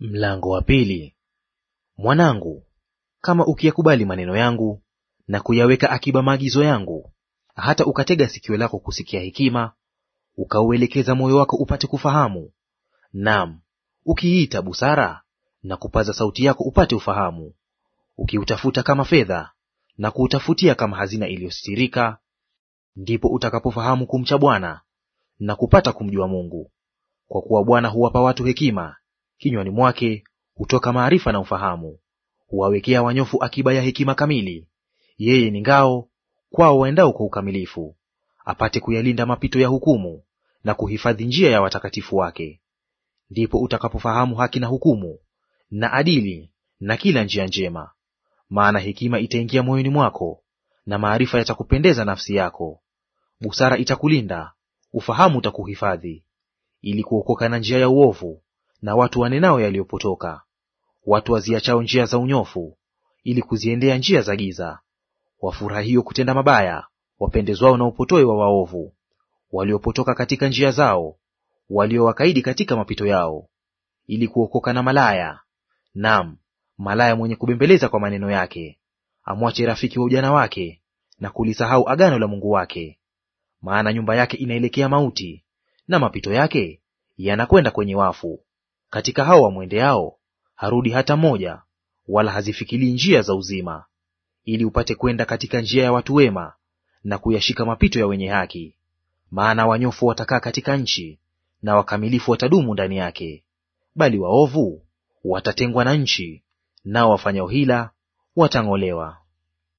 Mlango wa pili. Mwanangu, kama ukiyakubali maneno yangu na kuyaweka akiba maagizo yangu, hata ukatega sikio lako kusikia hekima, ukauelekeza moyo wako upate kufahamu, naam, ukiita busara na kupaza sauti yako upate ufahamu, ukiutafuta kama fedha na kuutafutia kama hazina iliyositirika, ndipo utakapofahamu kumcha Bwana na kupata kumjua Mungu, kwa kuwa Bwana huwapa watu hekima Kinywani mwake hutoka maarifa na ufahamu. Huwawekea wanyofu akiba ya hekima kamili. Yeye ni ngao kwao waendao kwa ukamilifu, apate kuyalinda mapito ya hukumu na kuhifadhi njia ya watakatifu wake. Ndipo utakapofahamu haki na hukumu na adili na kila njia njema. Maana hekima itaingia moyoni mwako na maarifa yatakupendeza nafsi yako. Busara itakulinda, ufahamu utakuhifadhi, ili kuokoka na njia ya uovu na watu wanenao yaliyopotoka, watu waziachao njia za unyofu, ili kuziendea njia za giza, wafurahio kutenda mabaya, wapendezwao na upotoe wa waovu, waliopotoka katika njia zao, waliowakaidi katika mapito yao, ili kuokoka na malaya, nam malaya mwenye kubembeleza kwa maneno yake, amwache rafiki wa ujana wake na kulisahau agano la Mungu wake. Maana nyumba yake inaelekea mauti, na mapito yake yanakwenda kwenye wafu. Katika hao wamwendeao harudi hata moja, wala hazifikilii njia za uzima, ili upate kwenda katika njia ya watu wema, na kuyashika mapito ya wenye haki. Maana wanyofu watakaa katika nchi, na wakamilifu watadumu ndani yake. Bali waovu watatengwa na nchi, nao wafanyao hila watang'olewa.